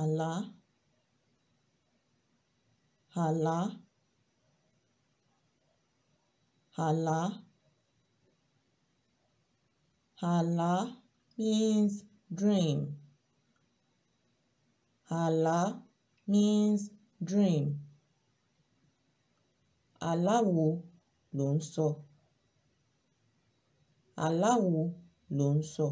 àlá, àlá, àlá. Àlá means dream. Àlá means dream. Àlá wo lò ń sọ? Àlá wo ń sọ?